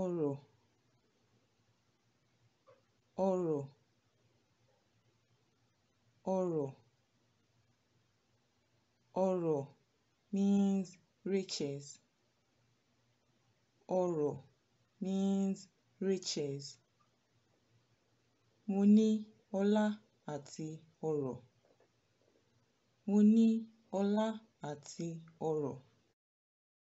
ọrọ̀ ọrọ̀ ọrọ̀ ọrọ̀ means riches ọrọ̀ means riches mo ní ọlá àti ọrọ̀ mo ní ọlá àti ọrọ̀